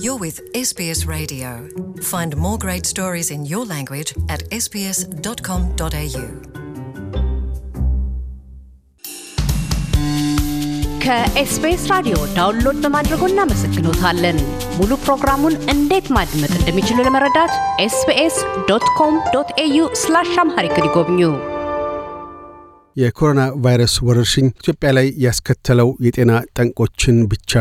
You're with SBS Radio. Find more great stories in your language at sbs.com.au. ከኤስቢኤስ ራዲዮ ዳውንሎድ በማድረጎ እናመሰግኖታለን። ሙሉ ፕሮግራሙን እንዴት ማድመጥ እንደሚችሉ ለመረዳት ኤስቢኤስ ዶት ኮም ዶት ኤዩ ስላሽ አምሃሪክ ይጎብኙ። የኮሮና ቫይረስ ወረርሽኝ ኢትዮጵያ ላይ ያስከተለው የጤና ጠንቆችን ብቻ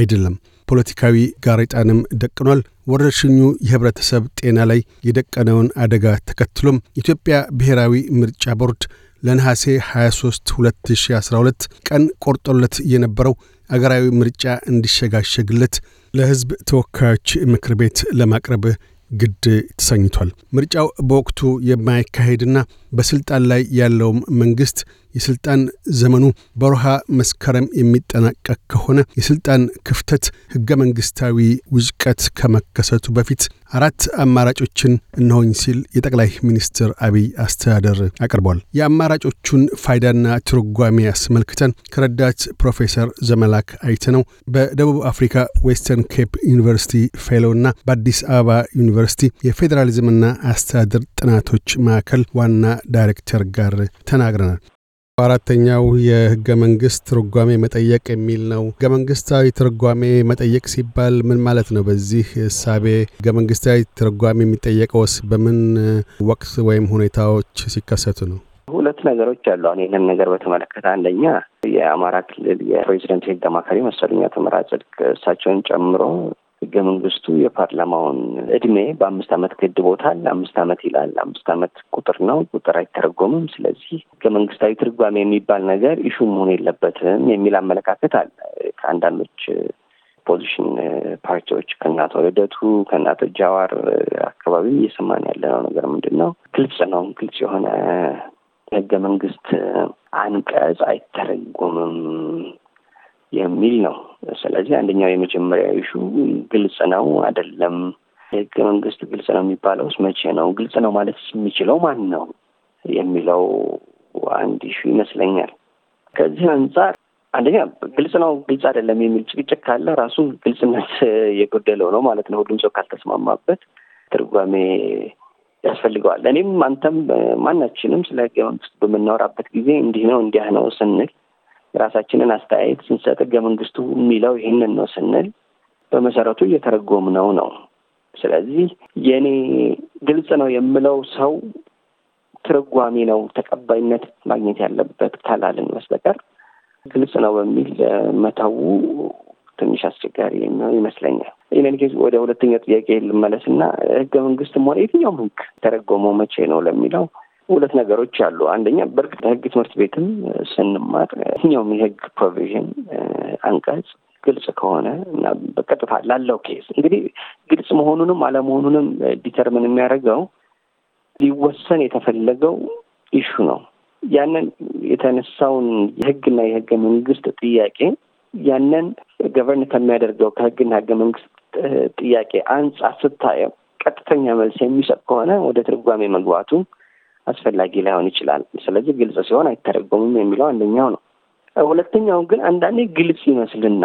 አይደለም ፖለቲካዊ ጋሬጣንም ደቅኗል። ወረርሽኙ የህብረተሰብ ጤና ላይ የደቀነውን አደጋ ተከትሎም ኢትዮጵያ ብሔራዊ ምርጫ ቦርድ ለነሐሴ 23 2012 ቀን ቆርጦለት የነበረው አገራዊ ምርጫ እንዲሸጋሸግለት ለሕዝብ ተወካዮች ምክር ቤት ለማቅረብ ግድ ተሰኝቷል። ምርጫው በወቅቱ የማይካሄድና በስልጣን ላይ ያለውም መንግስት የስልጣን ዘመኑ በሮሃ መስከረም የሚጠናቀቅ ከሆነ የስልጣን ክፍተት ህገ መንግስታዊ ውዝቀት ከመከሰቱ በፊት አራት አማራጮችን እነሆኝ ሲል የጠቅላይ ሚኒስትር አብይ አስተዳደር አቅርቧል። የአማራጮቹን ፋይዳና ትርጓሜ አስመልክተን ከረዳት ፕሮፌሰር ዘመላክ አይተ ነው። በደቡብ አፍሪካ ዌስተርን ኬፕ ዩኒቨርሲቲ ፌሎና በአዲስ አበባ ዩኒቨርሲቲ የፌዴራሊዝምና አስተዳደር ጥናቶች ማዕከል ዋና ዳይሬክተር ጋር ተናግረናል። አራተኛው የህገ መንግስት ትርጓሜ መጠየቅ የሚል ነው። ህገ መንግስታዊ ትርጓሜ መጠየቅ ሲባል ምን ማለት ነው? በዚህ እሳቤ ህገ መንግስታዊ ትርጓሜ የሚጠየቀውስ በምን ወቅት ወይም ሁኔታዎች ሲከሰቱ ነው? ሁለት ነገሮች አሉ። አሁን ይህንን ነገር በተመለከተ አንደኛ የአማራ ክልል የፕሬዚደንት የህግ አማካሪ መሰሉኛ አቶ ጽድቅ እሳቸውን ጨምሮ ህገ መንግስቱ የፓርላማውን እድሜ በአምስት ዓመት ገድቦታል። አምስት ዓመት ይላል። አምስት ዓመት ቁጥር ነው። ቁጥር አይተረጎምም። ስለዚህ ህገ መንግስታዊ ትርጓሜ የሚባል ነገር ኢሹ መሆን የለበትም የሚል አመለካከት አለ ከአንዳንዶች ፖዚሽን ፓርቲዎች ከእናቶ ልደቱ ከእናቶ ጃዋር አካባቢ እየሰማን ያለነው ነገር ምንድን ነው? ግልጽ ነው። ግልጽ የሆነ ህገ መንግስት አንቀጽ አይተረጎምም የሚል ነው። ስለዚህ አንደኛው የመጀመሪያ ይሹ ግልጽ ነው አይደለም። የህገ መንግስት ግልጽ ነው የሚባለውስ መቼ ነው? ግልጽ ነው ማለት የሚችለው ማን ነው የሚለው አንድ ይሹ ይመስለኛል። ከዚህ አንጻር አንደኛ ግልጽ ነው ግልጽ አይደለም የሚል ጭቅጭቅ ካለ ራሱ ግልጽነት የጎደለው ነው ማለት ነው። ሁሉም ሰው ካልተስማማበት ትርጓሜ ያስፈልገዋል። እኔም አንተም ማናችንም ስለ ህገ መንግስት በምናወራበት ጊዜ እንዲህ ነው እንዲያ ነው ስንል የራሳችንን አስተያየት ስንሰጥ ህገ መንግስቱ የሚለው ይህንን ነው ስንል በመሰረቱ እየተረጎም ነው። ነው። ስለዚህ የእኔ ግልጽ ነው የምለው ሰው ትርጓሚ ነው ተቀባይነት ማግኘት ያለበት ካላልን በስተቀር ግልጽ ነው በሚል መተው ትንሽ አስቸጋሪ ነው ይመስለኛል። ኢነን ጊዜ ወደ ሁለተኛው ጥያቄ ልመለስ ልመለስና ህገ መንግስትም ሆነ የትኛውም ህግ ተረጎመው መቼ ነው ለሚለው ሁለት ነገሮች አሉ። አንደኛ በእርግጥ ህግ ትምህርት ቤትም ስንማር የትኛውም የህግ ፕሮቪዥን አንቀጽ ግልጽ ከሆነ እና በቀጥታ ላለው ኬስ እንግዲህ ግልጽ መሆኑንም አለመሆኑንም ዲተርምን የሚያደርገው ሊወሰን የተፈለገው ኢሹ ነው። ያንን የተነሳውን የህግና የህገ መንግስት ጥያቄ ያንን ገቨርን ከሚያደርገው ከህግና ህገ መንግስት ጥያቄ አንጻር ስታየው ቀጥተኛ መልስ የሚሰጥ ከሆነ ወደ ትርጓሜ መግባቱ አስፈላጊ ላይሆን ይችላል። ስለዚህ ግልጽ ሲሆን አይተረጎምም የሚለው አንደኛው ነው። ሁለተኛው ግን አንዳንዴ ግልጽ ይመስልና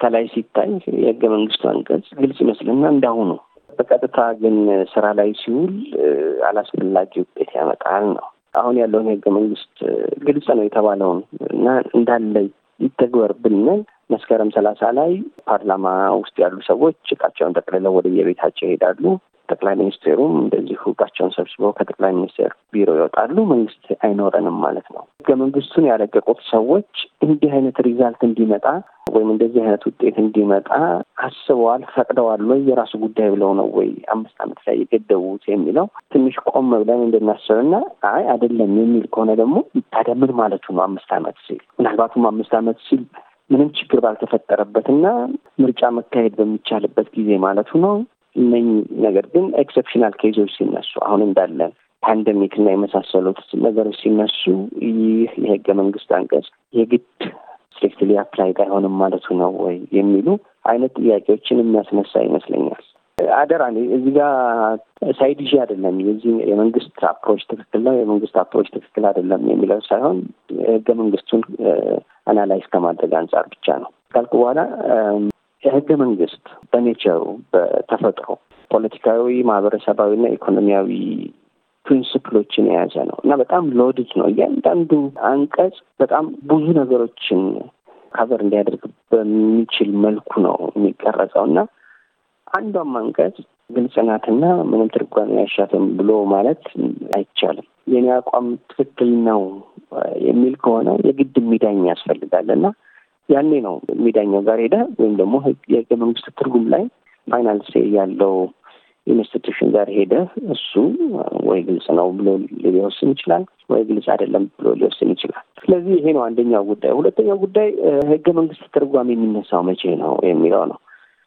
ከላይ ሲታይ የህገ መንግስቱ አንቀጽ ግልጽ ይመስልና እንዳሁኑ በቀጥታ ግን ስራ ላይ ሲውል አላስፈላጊ ውጤት ያመጣል ነው። አሁን ያለውን የህገ መንግስት ግልጽ ነው የተባለውን እና እንዳለ ይተግበር ብንል መስከረም ሰላሳ ላይ ፓርላማ ውስጥ ያሉ ሰዎች እቃቸውን ጠቅልለው ወደ የቤታቸው ይሄዳሉ። ጠቅላይ ሚኒስቴሩም እንደዚህ እውቃቸውን ሰብስበው ከጠቅላይ ሚኒስቴር ቢሮ ይወጣሉ። መንግስት አይኖረንም ማለት ነው። ህገ መንግስቱን ያረቀቁት ሰዎች እንዲህ አይነት ሪዛልት እንዲመጣ ወይም እንደዚህ አይነት ውጤት እንዲመጣ አስበዋል፣ ፈቅደዋል ወይ የራሱ ጉዳይ ብለው ነው ወይ አምስት ዓመት ላይ የገደቡት የሚለው ትንሽ ቆም ብለን እንድናስብና አይ አይደለም የሚል ከሆነ ደግሞ ታዲያ ምን ማለቱ ነው? አምስት ዓመት ሲል ምናልባቱም አምስት ዓመት ሲል ምንም ችግር ባልተፈጠረበትና ምርጫ መካሄድ በሚቻልበት ጊዜ ማለቱ ነው። ነኝ። ነገር ግን ኤክሰፕሽናል ኬዞች ሲነሱ አሁን እንዳለ ፓንደሚክ እና የመሳሰሉት ነገሮች ሲነሱ ይህ የህገ መንግስት አንቀጽ የግድ ስትሪክትሊ አፕላይድ አይሆንም ማለቱ ነው ወይ የሚሉ አይነት ጥያቄዎችን የሚያስነሳ ይመስለኛል። አደራ እዚህ ጋር ሳይድ ይዤ አይደለም የዚህ የመንግስት አፕሮች ትክክል ነው፣ የመንግስት አፕሮች ትክክል አይደለም የሚለው ሳይሆን ህገ መንግስቱን አናላይዝ uh, ከማድረግ አንጻር ብቻ ነው ካልኩ በኋላ um, የህገ መንግስት በኔቸሩ በተፈጥሮ ፖለቲካዊ፣ ማህበረሰባዊና ኢኮኖሚያዊ ፕሪንስፕሎችን የያዘ ነው እና በጣም ሎድድ ነው። እያንዳንዱ አንቀጽ በጣም ብዙ ነገሮችን ካቨር እንዲያደርግ በሚችል መልኩ ነው የሚቀረጸው እና አንዷም አንቀጽ ግልጽናትና ምንም ትርጓሜ አይሻትም ብሎ ማለት አይቻልም። የኔ አቋም ትክክል ነው የሚል ከሆነ የግድ የሚዳኝ ያስፈልጋል እና ያኔ ነው የሚዳኛው ጋር ሄደ ወይም ደግሞ የህገ መንግስት ትርጉም ላይ ፋይናል ሴ ያለው ኢንስቲቱሽን ጋር ሄደ እሱ ወይ ግልጽ ነው ብሎ ሊወስን ይችላል፣ ወይ ግልጽ አይደለም ብሎ ሊወስን ይችላል። ስለዚህ ይሄ ነው አንደኛው ጉዳይ። ሁለተኛው ጉዳይ ህገ መንግስት ትርጓሜ የሚነሳው መቼ ነው የሚለው ነው።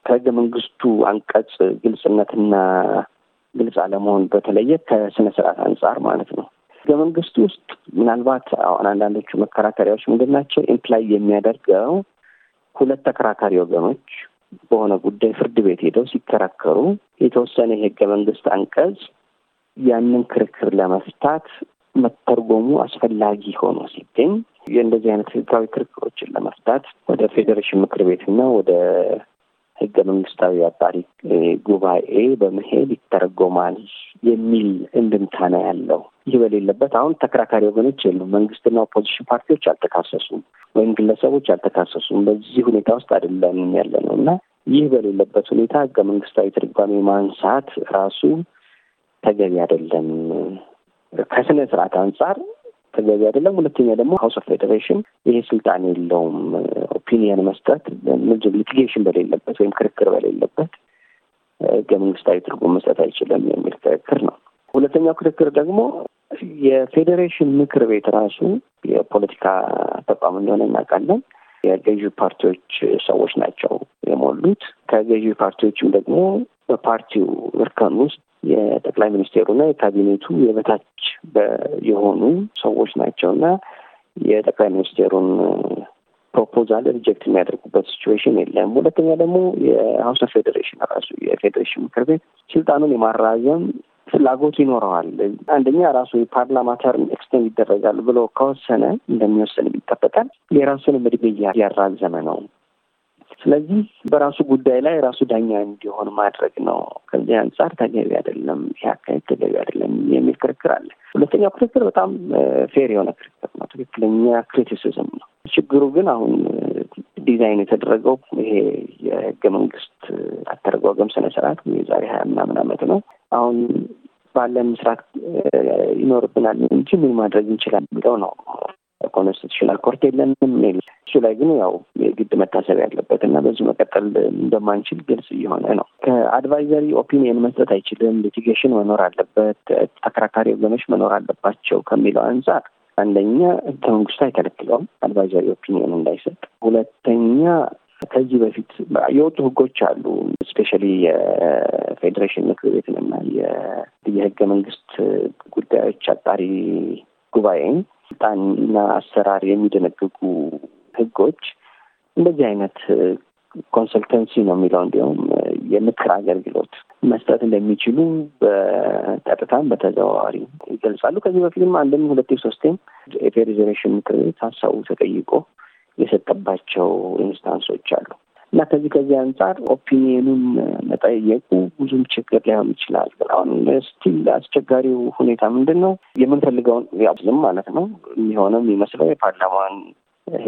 ከህገ መንግስቱ አንቀጽ ግልጽነትና ግልጽ አለመሆን በተለየ ከስነ ስርዓት አንጻር ማለት ነው ህገ መንግስቱ ውስጥ ምናልባት አሁን አንዳንዶቹ መከራከሪያዎች ምንድን ናቸው? ኢምፕላይ የሚያደርገው ሁለት ተከራካሪ ወገኖች በሆነ ጉዳይ ፍርድ ቤት ሄደው ሲከራከሩ የተወሰነ የህገ መንግስት አንቀጽ ያንን ክርክር ለመፍታት መተርጎሙ አስፈላጊ ሆኖ ሲገኝ የእንደዚህ አይነት ህጋዊ ክርክሮችን ለመፍታት ወደ ፌዴሬሽን ምክር ቤትና ወደ ህገ መንግስታዊ አጣሪ ጉባኤ በመሄድ ይተረጎማል የሚል እንድምታና ያለው ይህ በሌለበት አሁን ተከራካሪ ወገኖች የሉም። መንግስትና ኦፖዚሽን ፓርቲዎች አልተካሰሱም፣ ወይም ግለሰቦች አልተካሰሱም። በዚህ ሁኔታ ውስጥ አይደለም ያለ ነው እና ይህ በሌለበት ሁኔታ ህገ መንግስታዊ ትርጓሜ ማንሳት ራሱ ተገቢ አይደለም፣ ከስነ ስርዓት አንጻር ተገቢ አይደለም። ሁለተኛ ደግሞ ሀውስ ኦፍ ፌዴሬሽን ይሄ ስልጣን የለውም። ኦፒኒየን መስጠት ምንድን ሊቲጌሽን በሌለበት ወይም ክርክር በሌለበት ህገ መንግስታዊ ትርጉም መስጠት አይችልም የሚል ክርክር ነው። ሁለተኛው ክርክር ደግሞ የፌዴሬሽን ምክር ቤት ራሱ የፖለቲካ ተቋም እንደሆነ እናውቃለን። የገዢ ፓርቲዎች ሰዎች ናቸው የሞሉት። ከገዢ ፓርቲዎችም ደግሞ በፓርቲው እርከን ውስጥ የጠቅላይ ሚኒስቴሩና የካቢኔቱ የበታች የሆኑ ሰዎች ናቸው እና የጠቅላይ ሚኒስቴሩን ፕሮፖዛል ሪጀክት የሚያደርጉበት ሲቹዌሽን የለም። ሁለተኛ ደግሞ የሀውስ ኦፍ ፌዴሬሽን ራሱ የፌዴሬሽን ምክር ቤት ስልጣኑን የማራዘም ፍላጎት ይኖረዋል። አንደኛ ራሱ የፓርላማ ተርም ኤክስቴንድ ይደረጋል ብሎ ከወሰነ እንደሚወሰን ይጠበቃል። የራሱን እድሜ እያራዘመ ነው። ስለዚህ በራሱ ጉዳይ ላይ ራሱ ዳኛ እንዲሆን ማድረግ ነው። ከዚህ አንጻር ተገቢ አይደለም፣ ይህ አካሄድ ተገቢ አይደለም የሚል ክርክር አለ። ሁለተኛው ክርክር በጣም ፌር የሆነ ክርክር ነው፣ ትክክለኛ ክሪቲሲዝም ነው። ችግሩ ግን አሁን ዲዛይን የተደረገው ይሄ የህገ መንግስት አተረጓጎም ስነ ስርዓት የዛሬ ሀያ ምናምን ዓመት ነው። አሁን ባለን ምስራት ይኖርብናል እንጂ ምን ማድረግ እንችላል የሚለው ነው። ኮንስቲቱሽናል ኮርት የለንም የሚል እሱ ላይ ግን ያው የግድ መታሰብ ያለበት እና በዚሁ መቀጠል እንደማንችል ግልጽ እየሆነ ነው። ከአድቫይዘሪ ኦፒኒየን መስጠት አይችልም። ሊቲጌሽን መኖር አለበት፣ ተከራካሪ ወገኖች መኖር አለባቸው ከሚለው አንጻር አንደኛ ህገ መንግስቱ አይከለክለውም አድቫይዘሪ ኦፒኒየን እንዳይሰጥ። ሁለተኛ ከዚህ በፊት የወጡ ህጎች አሉ። እስፔሻሊ የፌዴሬሽን ምክር ቤትንና የህገ መንግስት ጉዳዮች አጣሪ ጉባኤን ስልጣንና አሰራር የሚደነግጉ ህጎች እንደዚህ አይነት ኮንሰልተንሲ ነው የሚለው እንዲሁም የምክር አገልግሎት መስጠት እንደሚችሉ በቀጥታም በተዘዋዋሪ ይገልጻሉ። ከዚህ በፊትም አንድም ሁለቴ ሶስቴም የፌዴሬሽን ምክር ቤት ሀሳቡ ተጠይቆ የሰጠባቸው ኢንስታንሶች አሉ እና ከዚህ ከዚህ አንጻር ኦፒኒየኑን መጠየቁ ብዙም ችግር ላይሆን ይችላል። ግን አሁን ስቲል አስቸጋሪው ሁኔታ ምንድን ነው? የምንፈልገውን ያዝም ማለት ነው የሚሆነው የሚመስለው የፓርላማን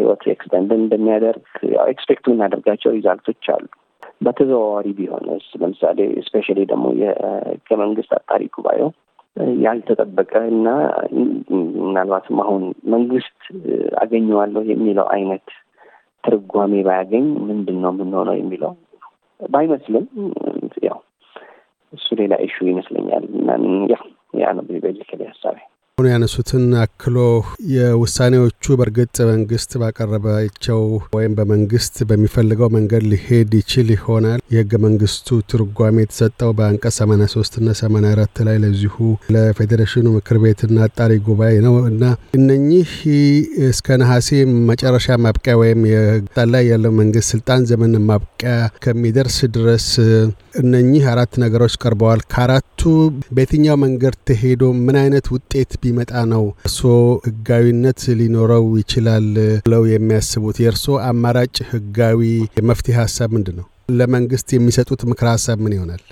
ህይወት ኤክስተንድ እንደሚያደርግ ኤክስፔክቱ እናደርጋቸው ሪዛልቶች አሉ። በተዘዋዋሪ ቢሆንስ ለምሳሌ ስፔሻሊ ደግሞ የህገ መንግስት አጣሪ ጉባኤው ያልተጠበቀ እና ምናልባትም አሁን መንግስት አገኘዋለሁ የሚለው አይነት ትርጓሜ ባያገኝ ምንድን ነው የምንሆነው የሚለው ባይመስልም ያው እሱ ሌላ ኢሹ ይመስለኛል ያ ነው ቤዚካሊ ሀሳቤ። አሁን ያነሱትን አክሎ የውሳኔዎቹ በእርግጥ መንግስት ባቀረባቸው ወይም በመንግስት በሚፈልገው መንገድ ሊሄድ ይችል ይሆናል። የህገ መንግስቱ ትርጓሜ የተሰጠው በአንቀጽ 83 ና 84 ላይ ለዚሁ ለፌዴሬሽኑ ምክር ቤትና አጣሪ ጉባኤ ነው እና እነኚህ እስከ ነሐሴ መጨረሻ ማብቂያ ወይም የጣ ላይ ያለው መንግስት ስልጣን ዘመን ማብቂያ ከሚደርስ ድረስ እነኚህ አራት ነገሮች ቀርበዋል። ከአራቱ በየትኛው መንገድ ተሄዶ ምን አይነት ውጤት ቢመጣ ነው እርስዎ ህጋዊነት ሊኖረው ይችላል ብለው የሚያስቡት? የእርስዎ አማራጭ ህጋዊ የመፍትሄ ሀሳብ ምንድን ነው? ለመንግስት የሚሰጡት ምክረ ሀሳብ ምን ይሆናል?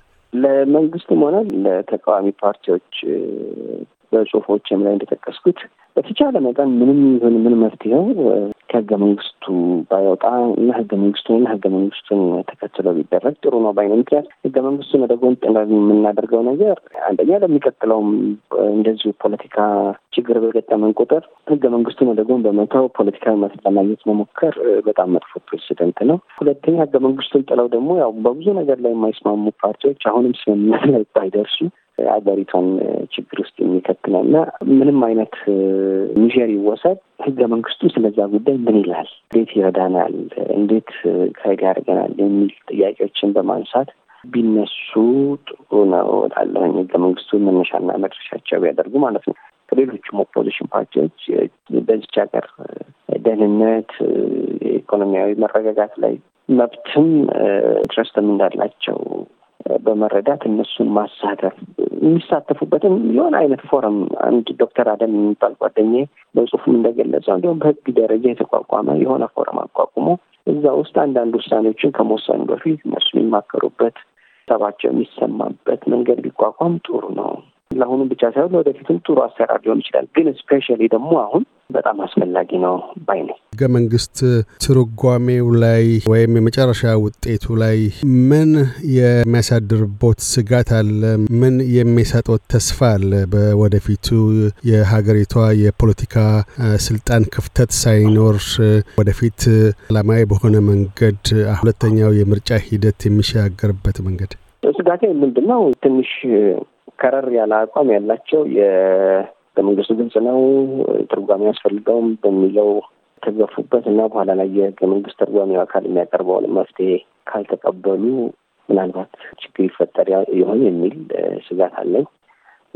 ለመንግስትም ሆነ ለተቃዋሚ ፓርቲዎች በጽሁፎችም ላይ እንደጠቀስኩት በተቻለ መጠን ምንም ይሁን ምን መፍትሄው ከህገ መንግስቱ ባይወጣ እና ህገ መንግስቱን እና ህገ መንግስቱን ተከትሎ ቢደረግ ጥሩ ነው ባይነ ምክንያት ህገ መንግስቱን ወደ ጎን ጥለን የምናደርገው ነገር አንደኛ ለሚቀጥለውም እንደዚሁ ፖለቲካ ችግር በገጠመን ቁጥር ህገ መንግስቱን ወደ ጎን በመተው ፖለቲካዊ መፍትሄ ለማግኘት መሞከር በጣም መጥፎ ፕሬሲደንት ነው። ሁለተኛ ህገ መንግስቱን ጥለው ደግሞ ያው በብዙ ነገር ላይ የማይስማሙ ፓርቲዎች አሁንም ስምምነት ላይ ባይደርሱ አገሪቷን ችግር ውስጥ የሚከት ነው እና ምንም አይነት ሚሸር ይወሰድ ህገ መንግስቱ ስለዛ ጉዳይ ምን ይላል፣ እንዴት ይረዳናል፣ እንዴት ከህግ ያደርገናል የሚል ጥያቄዎችን በማንሳት ቢነሱ ጥሩ ነው እላለሁኝ። ህገ መንግስቱ መነሻና መድረሻቸው ያደርጉ ማለት ነው። ሌሎቹም ኦፖዚሽን ፓርቲዎች በዚች ሀገር ደህንነት፣ ኢኮኖሚያዊ መረጋጋት ላይ መብትም ኢንትረስትም እንዳላቸው በመረዳት እነሱን ማሳተፍ የሚሳተፉበትም የሆነ አይነት ፎረም አንድ ዶክተር አደም የሚባል ጓደኛ በጽሁፍም እንደገለጸው እንዲሁም በህግ ደረጃ የተቋቋመ የሆነ ፎረም አቋቁሞ እዛ ውስጥ አንዳንድ ውሳኔዎችን ከመወሰኑ በፊት እነሱ የሚማከሩበት ሰባቸው የሚሰማበት መንገድ ቢቋቋም ጥሩ ነው። ለአሁኑም ብቻ ሳይሆን ለወደፊትም ጥሩ አሰራር ሊሆን ይችላል። ግን ስፔሻሊ ደግሞ አሁን በጣም አስፈላጊ ነው ባይ ነኝ። ህገ መንግስት ትርጓሜው ላይ ወይም የመጨረሻ ውጤቱ ላይ ምን የሚያሳድርቦት ስጋት አለ? ምን የሚሰጦት ተስፋ አለ? በወደፊቱ የሀገሪቷ የፖለቲካ ስልጣን ክፍተት ሳይኖር ወደፊት ሰላማዊ በሆነ መንገድ ሁለተኛው የምርጫ ሂደት የሚሻገርበት መንገድ ስጋቴ ምንድን ነው? ትንሽ ከረር ያለ አቋም ያላቸው በመንግስቱ ግልጽ ነው ትርጓሜ ያስፈልገውም በሚለው ተገፉበት እና በኋላ ላይ የህገ መንግስት ተርጓሚው አካል የሚያቀርበውን መፍትሄ ካልተቀበሉ ምናልባት ችግር ይፈጠር ይሆን የሚል ስጋት አለኝ።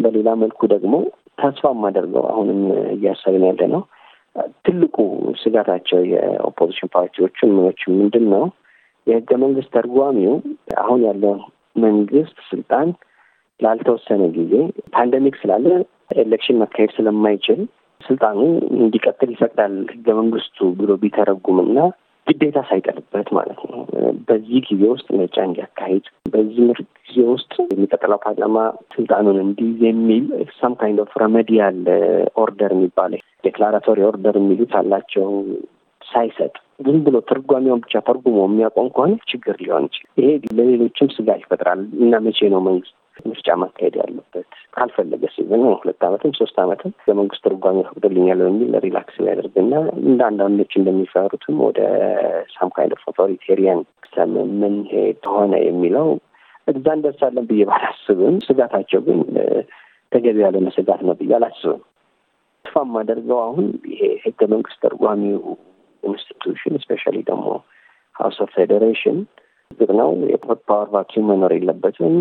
በሌላ መልኩ ደግሞ ተስፋ የማደርገው አሁንም እያሰብን ያለ ነው። ትልቁ ስጋታቸው የኦፖዚሽን ፓርቲዎቹን ምኖች ምንድን ነው? የህገ መንግስት ተርጓሚው አሁን ያለውን መንግስት ስልጣን ላልተወሰነ ጊዜ ፓንደሚክ ስላለ ኤሌክሽን መካሄድ ስለማይችል ስልጣኑ እንዲቀጥል ይፈቅዳል ህገ መንግስቱ ብሎ ቢተረጉምና ግዴታ ሳይጠልበት ማለት ነው። በዚህ ጊዜ ውስጥ ምርጫ እንዲያካሄድ በዚህ ምር ጊዜ ውስጥ የሚቀጥለው ፓርላማ ስልጣኑን እንዲይዝ የሚል ሳም ካይንድ ኦፍ ረመዲያል ኦርደር የሚባለ ዴክላራቶሪ ኦርደር የሚሉት አላቸው። ሳይሰጥ ዝም ብሎ ትርጓሚውን ብቻ ተርጉሞ የሚያቆም ከሆነ ችግር ሊሆን ይችላል። ይሄ ለሌሎችም ስጋት ይፈጥራል እና መቼ ነው መንግስት ምርጫ ማካሄድ ያለበት ካልፈለገ ሲዝን ሁለት ዓመትም ሶስት ዓመትም በመንግስት ትርጓሜ ፈቅዶልኛል በሚል ሪላክስ ያደርግና እንደ አንዳንዶች እንደሚፈሩትም ወደ ሳም ካይንድ ኦፍ አውቶሪቴሪያን ምንሄድ ከሆነ የሚለው እዛ እንደርሳለን ብዬ ባላስብም ስጋታቸው ግን ተገቢ ያልሆነ ስጋት ነው ብዬ አላስብም። ተስፋ የማደርገው አሁን ይሄ ህገ መንግስት ተርጓሚው ኢንስቲቱሽን ስፔሻሊ ደግሞ ሀውስ ኦፍ ፌዴሬሽን ችግር ነው፣ የፓወር ቫኪዩም መኖር የለበትም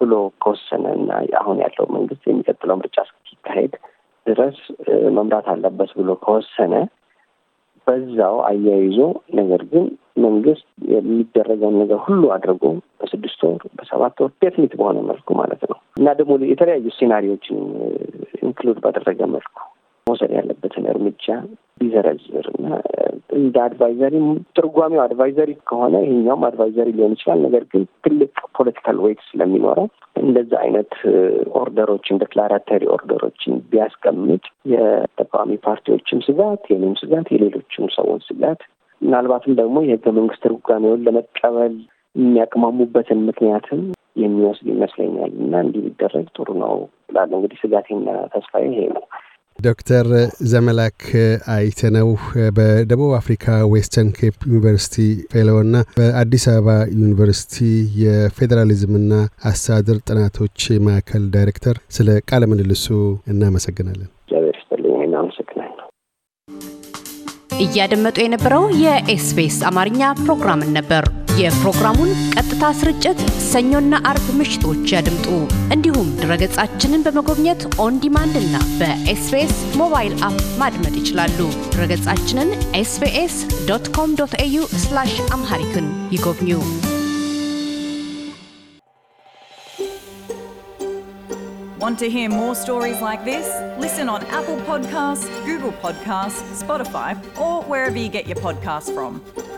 ብሎ ከወሰነ እና አሁን ያለው መንግስት የሚቀጥለው ምርጫ እስኪካሄድ ድረስ መምራት አለበት ብሎ ከወሰነ በዛው አያይዞ ነገር ግን መንግስት የሚደረገውን ነገር ሁሉ አድርጎ በስድስት ወር በሰባት ወር ዴፍኒት በሆነ መልኩ ማለት ነው እና ደግሞ የተለያዩ ሴናሪዎችን ኢንክሉድ ባደረገ መልኩ መውሰድ ያለበትን እርምጃ ቢዘረዝር እና እንደ አድቫይዘሪ ትርጓሜው አድቫይዘሪ ከሆነ ይሄኛውም አድቫይዘሪ ሊሆን ይችላል። ነገር ግን ትልቅ ፖለቲካል ዌይት ስለሚኖረው እንደዛ አይነት ኦርደሮችን ዴክላራተሪ ኦርደሮችን ቢያስቀምጥ የተቃዋሚ ፓርቲዎችም ስጋት፣ የኔም ስጋት፣ የሌሎችም ሰዎች ስጋት ምናልባትም ደግሞ የህገ መንግስት ትርጓሜውን ለመቀበል የሚያቅማሙበትን ምክንያትም የሚወስድ ይመስለኛል እና እንዲህ ጥሩ ነው ላለ እንግዲህ ስጋቴና ተስፋዬ ይሄ ነው። ዶክተር ዘመላክ አይተነው በደቡብ አፍሪካ ዌስተርን ኬፕ ዩኒቨርሲቲ ፌሎና በአዲስ አበባ ዩኒቨርሲቲ የፌዴራሊዝምና አስተዳደር ጥናቶች ማዕከል ዳይሬክተር፣ ስለ ቃለ ምልልሱ እናመሰግናለን። እያደመጡ የነበረው የኤስቢኤስ አማርኛ ፕሮግራምን ነበር። የፕሮግራሙን ቀጥታ ስርጭት ሰኞና አርብ ምሽቶች ያድምጡ። እንዲሁም ድረገጻችንን በመጎብኘት ኦን ዲማንድ እና በኤስቤስ ሞባይል አፕ ማድመጥ ይችላሉ። ድረገጻችንን ኤስቤስ ዶት ኮም ዶት ኤዩ አምሃሪክን ይጎብኙ። Want to hear more stories like this? Listen on Apple Podcasts, Google Podcasts, Spotify, or wherever you get your podcasts from.